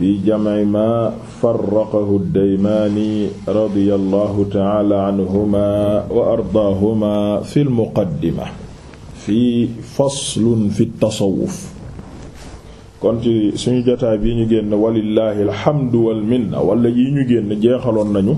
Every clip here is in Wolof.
fi jamci ma farraqahu ddaymaani radia allahu taala anhuma wa ardaahuma fi lmuqaddima fii faslun fi tasawuf kon suñu jotaay bi ñu génn walillahi alhamdu walminna wala yi ñu génn jeexaloon nañu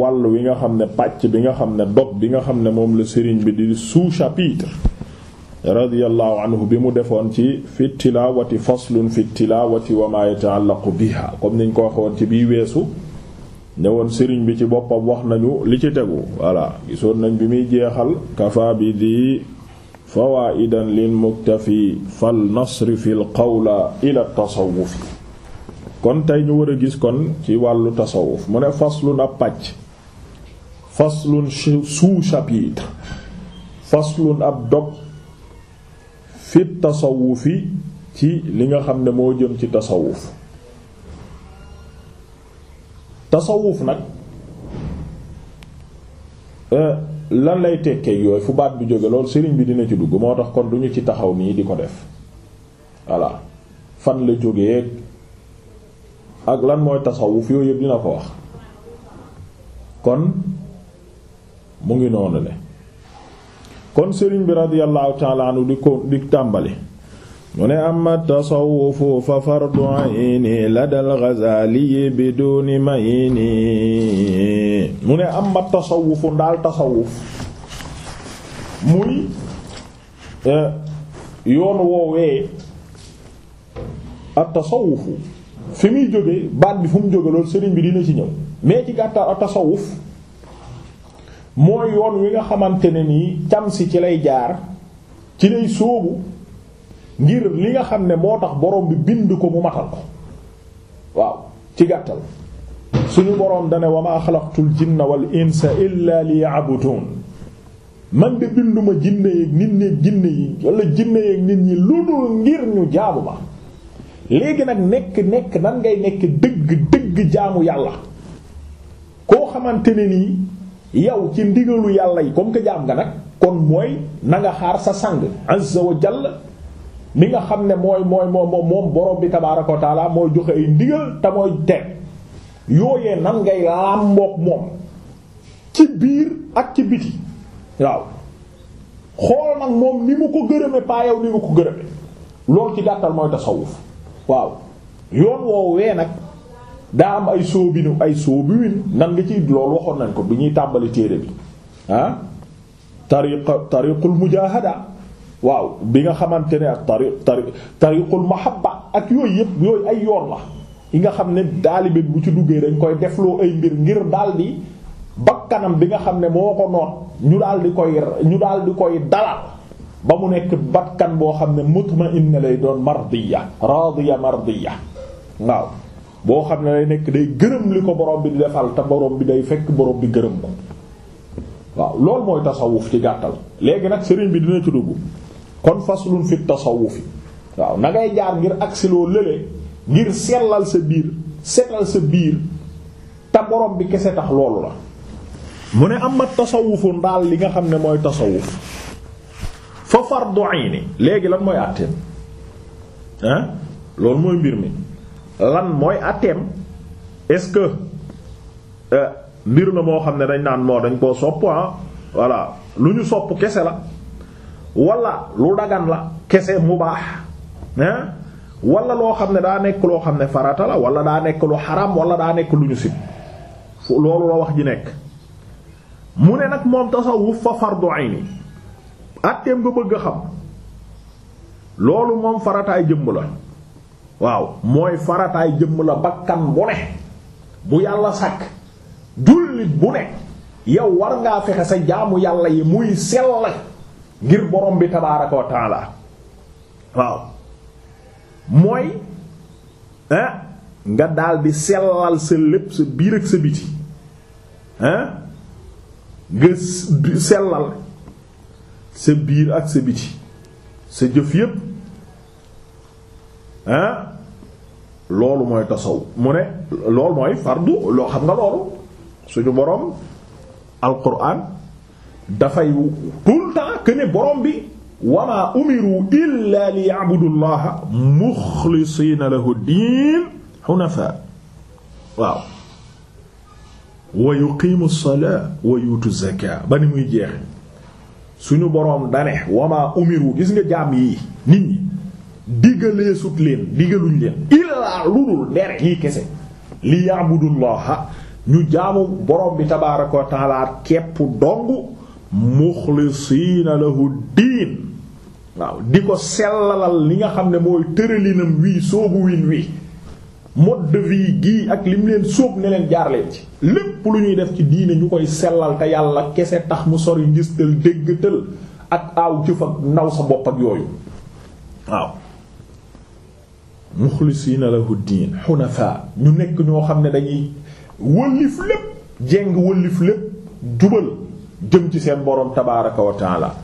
wàll wi nga xam ne pàcc bi nga xam ne dog bi nga xam ne moom la sëriñ bi di sous-chapitre radiyallahu anhu bi mu defoon ci fi tilaawati faslun fi tilaawati wa ma yata'allaqu biha comme niñ ko waxoon ci bii weesu ne woon sëriñ bi ci boppam wax nañu li ci tegu voilà gisoon nañ bi muy jeexal kafa bi di fawaidan lil muktafi fal nasri fil qawla ila tasawufi kon tey ñu war a gis kon ci wàllu tasawuf mu ne faslun ab pàcc faslun sous chapitre faslun ab dog fi tasawufi ci li nga xam ne moo jëm ci tasawuf tasawuf nag euh, lan lay tekkee yooyu fu baat bu jóge loolu sëriñ bi dina ci dugg moo tax kon duñu ci taxaw nii di ko def voilà fan la jógee ak lan mooy tasawuf yooyu yëpp dina ko wax kon mu ngi noonu ne kon sëriñ bi radiyallahu ta'ala di ko di tàmbali mu ne amma tasawwufu fa fardu ayni ladal Ghazali biduni mayni mu ne amma tasawwufu ndaal tasawwuf muy eh, yoon woowee at-tasawwufu fi muy jóge baat bi fu mu jóge loolu sëriñ bi dina ci ñëw mais ci gàttal at-tasawwuf mooy yoon wi nga xamante ne nii cam si ci lay jaar ci lay sóobu ngir li nga xam ne moo tax borom bi bind ko mu matal ko waaw ci gàttal suñu boroom dane wa ma xalaqtul jinna wal insa illa liya'budun man de binduma jinne yeeg nit ñi jinne yi wala jinne yeeg nit ñi lu dul ngir ñu jaamu ma léegi nag nekk nekk nan ngay nekk dëgg dëgg jaamu yàlla koo xamante nii yow ci ndigalu yàlla yi comme que am nga nag kon mooy nanga xaar sa sang azza wa jalla mi nga xam ne mooy mooy moom moom borom bi tabaaraka wa taala mooy joxe ay ndigal te mooy teg yooyee nan ngay làmboog moom ci biir ak ci biti waaw xool nag moom ni mu ko gërëme paa yow ni mu ko gërëme loolu ci gàttal mooy tasawuf waaw yoon woo wee nag daa am ay soobinu ay soobuwin nan nga ciy loolu waxoon nañ ko bi ñuy tàmbali téere bi ah tariqa tariqul mujahada waaw bi nga xamante ne ak tari tari mahabba ak yooyu yëpp yooyu ay yoon la yi nga xam ne daalibe bu ci duggee dañ koy defloo ay mbir ngir daldi bakkanam bi nga xam ne moo ko noot ñu daldi koy ñu daldi koy dalal ba mu nekk bakkan boo xam ne mutma'inna lay doon mardiya radiya mardiya waaw boo xam ne day nekk day gërëm li ko borom bi di defal te borom bi day fekk borom bi gërëm ko waaw loolu mooy tasawuf ci gàttal léegi nag sëriñ bi dina ci dugg kon faslun fi tasawufi waaw na jaar ngir agsi loo lële ngir sellal sa biir setal sa biir te borom bi kese tax loolu la mu ne am ma tasawufu ndaal li nga xam ne mooy tasawuf fa fardu ayni léegi lan mooy àtteem loolu mooy mbir mi lan mooy àtteem est-ce que euh, mbir la moo xam ne dañ naan moo dañ koo sopp ah voilà lu ñu sopp kese la walla lu dagan la kese mu baax ah wala loo xam ne daa nekk loo xam ne farata la wala daa nekk lu xaram wala daa nekk lu ñu sib loolu la wax ji nekk mu ne nag moom tasawuf fa fardu ayni àtteem nga bëgg xam loolu moom farataay jëmm la waaw mooy farataay jëmm la bakkan bu ne bu yàlla sàkk jullit bu ne yow war ngaa fexe sa jaamu yàlla yi muy sell ngir borom bi tabaaraka wa waaw mooy nga daldi sellal sa lépp sa biir ak sa biti nga sellal sa biir ak sa biti sa jëf yépp ah loolu mooy tasaw mu ne loolu mooy fardu loo xam nga loolu suñu borom alquran dafay tout le temps que ne borom bi wama umiru illa li ya'budu llaha muxlisiina lahu diin xunafa waaw wa yuqiimu salaa wa ba ni muy jeex suñu boroom dane wama umiru gis nga jaam yi nit ñi digalee sut leen digaluñ leen illaa lu dul dere yi kese li ya'budullaha ñu jaamu borom bi tabaaraka wa taala kepp dong muxlisiina diin waaw di ko sellalal li nga xam ne mooy tëralinam wii soobu win wii mode de gii ak lim leen sóob ne leen ci lépp lu ñuy def ci diine ñu koy sellal te yàlla kese tax mu sori ngistal déggtal ak aaw jëf ak ndaw sa bopp ak yooyu waaw muxlisiina lahu diin xunafa ñu nekk ñoo xam ne dañuy wëllif lépp jeng wëllif lépp jubal jëm ci seen boroom tabaaraka wa taala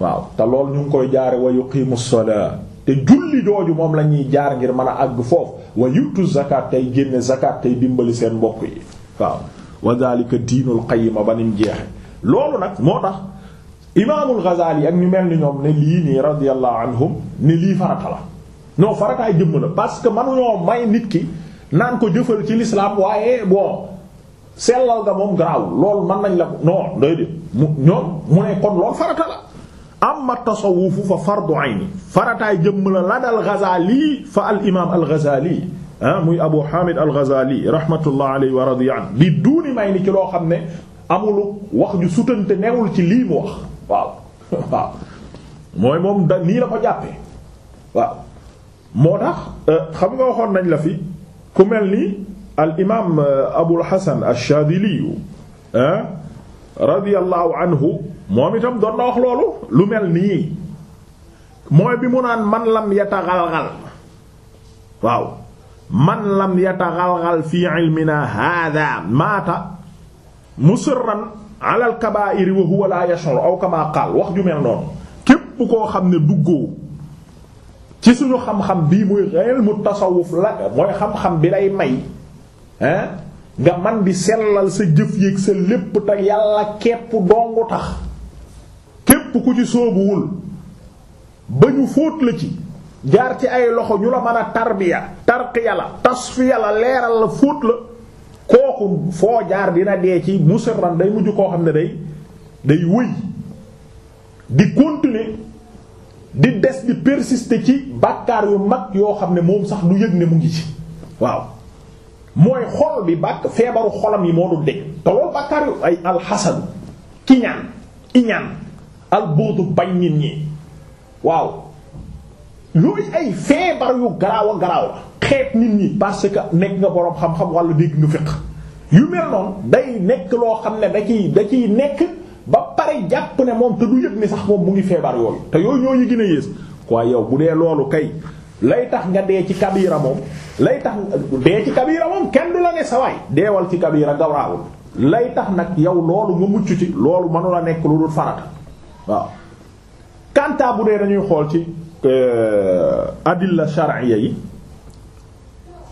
waaw te lool ñu ngi koy jaare wa yuqiimu salaa te julli jooju moom la ñuy jaar ngir mën a àgg foofu wa yu'tu zakat tey génne zakat tey dimbali seen mbokk yi waaw wa dhalika diinul qayyima ba nim jeexe loolu nag moo tax imaamul Ghazali ak ñu mel ni ñoom ne lii nii radiyallahu anhum ne lii farata la non farataay jëmm la parce que mënuñoo may nit ki naan ko jëfal ci l'islam waaye bon sellal nga moom garaawul loolu mën nañ la ko non ndoy de ñoom mu ne kon loolu farata la amma tasawufu fa fardu ayni farataay jëmm la la dal Ghazali fa al imaam al Ghazali ah, muy Abu Hamid al Ghazali rahmatullah alayhi wa duuni may ni ci loo xam ne amulu wax ju sutante newul ci lii mu wax waaw mooy moom da nii la ko jàppee waaw moo tax euh, xam nga waxoon nañ la fi ku mel ni al imaam euh, Abul Hasan ash-Shaadili radiyallahu anhu moom itam doon na wax loolu lu mel nii mooy bi mu naan man lam yataxalxal waaw man lam yataxalxal fi ilmina hada maata musirran ala al kabaa'ir wa huwa la yash'ur aw kama qaal wax ju mel noonu képp koo xam ne duggoo ci suñu xam-xam bii muy xel mu tasawuf la mooy xam-xam bi lay may hein nga man di sellal sa jëf yéeg sa lépp te yàlla képp dongu tax képp ku ci soobuwul ba ñu fóot la ci jaar ci ay loxo ñu la mën a tarbiya tarqiya la tasfiya la leeral la fóot la kooku foo jaar dina dee ci musirran day mujj koo xam ne day day wëy di continuer di des di persister ci bàkkaar yu mag yoo xam ne moom sax du yëg ne mu ngi ci waaw mooy xol bi bàkk feebaru xolam yi moo dul dëj te loolu bàkkaar yu ay alxasadu kiñaan iñaan albuutu bañ nit ñi waaw yooyu ay feebar yu garaaw garaaw xeet nit ñi parce nekk nga boroom xam-xam walla dégg nga fiq yu mel noonu day nekk loo xam ne da ciy da ciy nekk ba pare jàpp ne moom te du yëg ni sax moom mu ngi feebar yooyu te yooyu ñoo ñu gën a yées quoi yow bu dee loolu kay lay tax nga dee ci kabira moom lay tax dee ci kabira moom kenn du la ne sawaay deewal ci kabira gawraawul lay tax nag yow loolu ci loolu mënu la nekk lu dul bu dee dañuy xool ci euh, adilla shar'iyya yi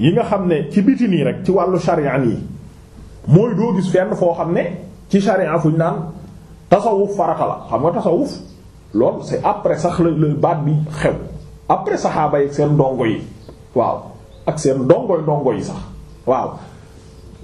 yi nga xam ne ci biti nii rek ci wàllu sharia yi mooy doo gis fenn foo xam ne ci sharia fuñ naan tasawuf farata la xam nga tasawuf lool c'est après sax la la baat bi xew après saxaaba yi seen dongo yi waaw ak seen ndongoy ndongo yi sax waaw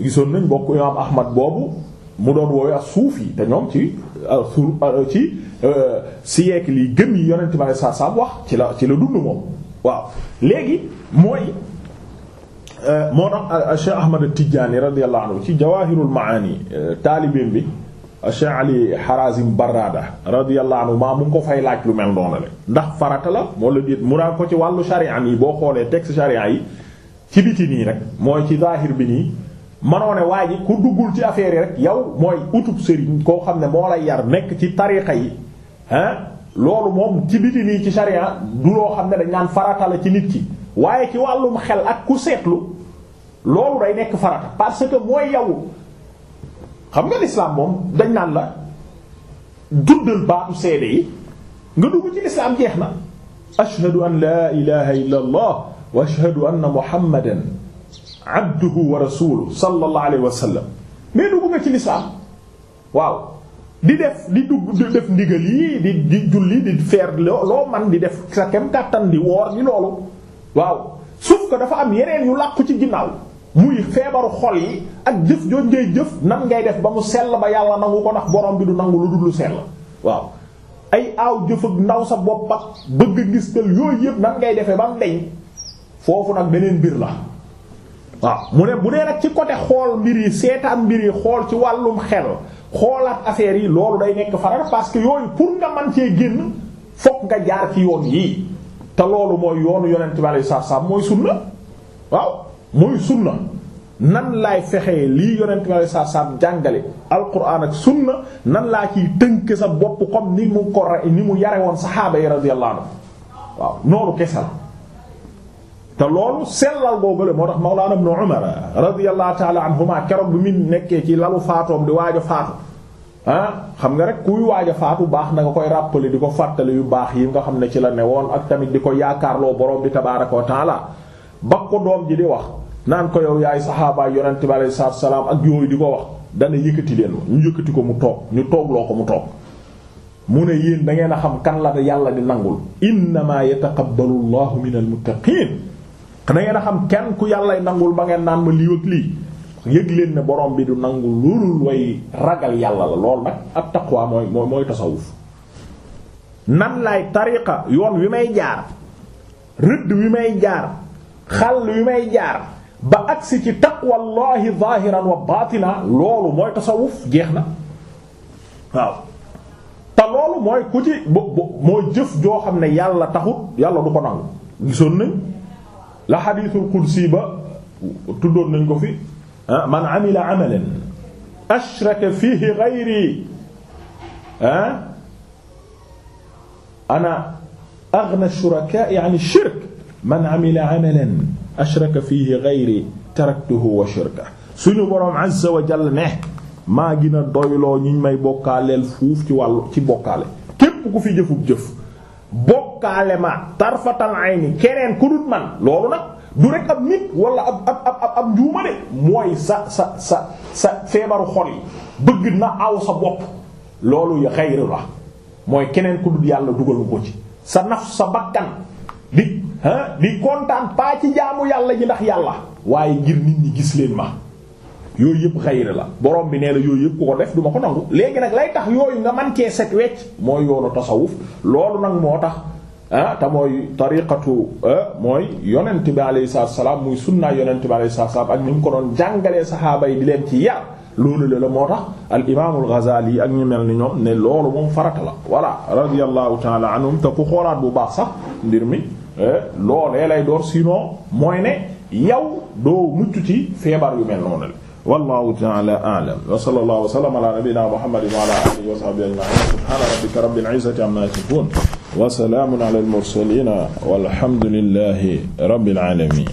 gisoon nañ bokk imaam Ahmad boobu mu doon woowee ak suuf yi te ñoom ci euh, suuf euh, ci euh, siècle yi gën yi yonent ma ne saa saa wax ci la dund moom waaw léegi mooy moo tax Cheikh Ahmad Tidiane radiyallahu anhu ci Jawahirul Maani taalibeem bi Sha'li Harazim Barrada radiyallahu anhu maa mu ko fay laaj lu mel noonu la ndax farata la moo la déet muraad ko ci wàllu sharia yi boo xoolee texte sharia yi ci biti nii rek mooy ci zahir bi nii manoo ne waa ji ku duggul ci affaire yi rek yow mooy utub sëriñ koo xam ne moo lay yar nekk ci tariqa yi ah loolu moom ci biti nii ci sharia du loo xam ne dañ naan farata la ci nit ki waaye ci wàllum xel ak ku seetlu loolu day nekk farata parce que mooy yow. xam nga lislaam moom dañ naan la duddal baatu seede yi nga dugg ci lislaam jeex na ashhadu an laa ilaha illa allah wa ashhadu anna muhammadan abduhu wa rasuluhu def di dugg di yi di di julli di faire def sa kàttan di woor di loolu waaw suuf ko dafa am yeneen yu làqu ci ginnaaw muy feebaru xol yi ak jëf joon ngay jëf nan ngay def ba mu sell ba yàlla nangu ko ndax borom bi du nangu lu dul sell waaw ay aaw jëf ak ndaw sa bopp ak bëgg gis tël yooyu yëpp nan ngay defee ba mu deñ foofu nag beneen mbir la waaw mu ne bu dee nag ci côté xool mbir yi seetaan mbir yi xool ci wàllum xel xoolaat affaire yi loolu day nekk faral parce que yooyu pour nga man cee génn fokk nga jaar ci yoon yii te loolu mooy yoonu yonent bi alayhi salaam mooy sunna waaw mooy sunna nan laay fexee lii yonent ma saa saam jàngale alquran ak sunna nan laa ciy tënk sa bopp comme ni mu ko ni mu yare woon saxaaba yi radiyallahu anhu waaw noonu kese la te loolu sellal boobale moo tax mawlaana ibn umar radiyallahu taala anhuma keroog bi mu nekkee ci lalu faatoom di waaj a faatu ah, xam nga rek kuy waaja a faatu baax na nga koy rappeler di ko fàttali yu baax yi nga xam ne ci la ne woon ak tamit di ko yaakaarloo boroom di tabaaraka wa taala ba ko doom ji di wax naan ko yow yaay saxaabaay yonent bi ak yooyu di ko wax dana yëkkati leen ma ñu ko mu toog ñu toogloo ko mu toog ne yéen da ngeen a xam kan yàlla di nangul innamaa yataqabbalu llahu minal muttaqiin da ngeen a xam kenn ku yàllay nangul ba ngeen naan ma lii ak lii yëg bi du nangu loolul way ragal yàlla la lool nag ak taqwa mooy yoon wi may jaar rëdd wi may jaar xàll wi may jaar ba agsi ci taqwallahi zahiran wa baatinan loolu mooy tasawuf jeex na waaw te loolu mooy ku ci mooy jëf joo xam ne yàlla taxut yàlla du ko nangu gisoon nañ la xadiisul qudsi ba tuddoon nañ ko fi ah, man amila amalan ashraka fihi ghayri ah, ana aghna shuraka'i 'an shirk man amila amalan ashraka fiihi ghayri taraktuhu wa suñu boroom azza wa ne maa gën a doyloo ñu may bokkaaleel fuuf ci wàllu ci bokkaale képp ku fi jëfub jëf bokkaale ma tarfatal ayni keneen ku dut man loolu nag du rek ab nit wala ab ab ab ab njuuma mooy sa sa sa feebaru xol yi bëgg na aw sa bopp loolu ya xayri la mooy keneen ku yàlla dugalu ko ci sa naf sa bakkan di ah di kontaan pas ci jaamu yàlla ji ndax yàlla waaye ngir nit ñi gis leen ma yooyu yëpp xayri la borom bi nee la yooyu yëpp ko def du ma ko nangu léegi nag lay tax yooyu nga man cee set wecc mooy yoonu tasawuf loolu nag moo tax ah te mooy tariqatu mooy yonent bi alayhi salaatu salaam muy sunnaa yonent bi alayhi salaatu salaam ak ni mu ko doon jàngalee saxaaba yi di leen ci yar loolu la la moo tax al imaamul Ghazali ak ñu mel ni ñoom ne loolu moom farata la. voilà radiyallahu ta'ala anhum te ku xoolaat bu baax sax mbir mi. Eh, loolee lay door sinon mooy ne yow doo mucc ci feebar yu mel noonu la wallahu ta'ala a'lam wa sallallahu wa sallama ala nabiyyina muhammadin wa ala alihi wa sahbihi ajma'in subhana rabbika rabbil izzati amma yasifun wa salamun ala al mursalin walhamdulillahi rabbil alamin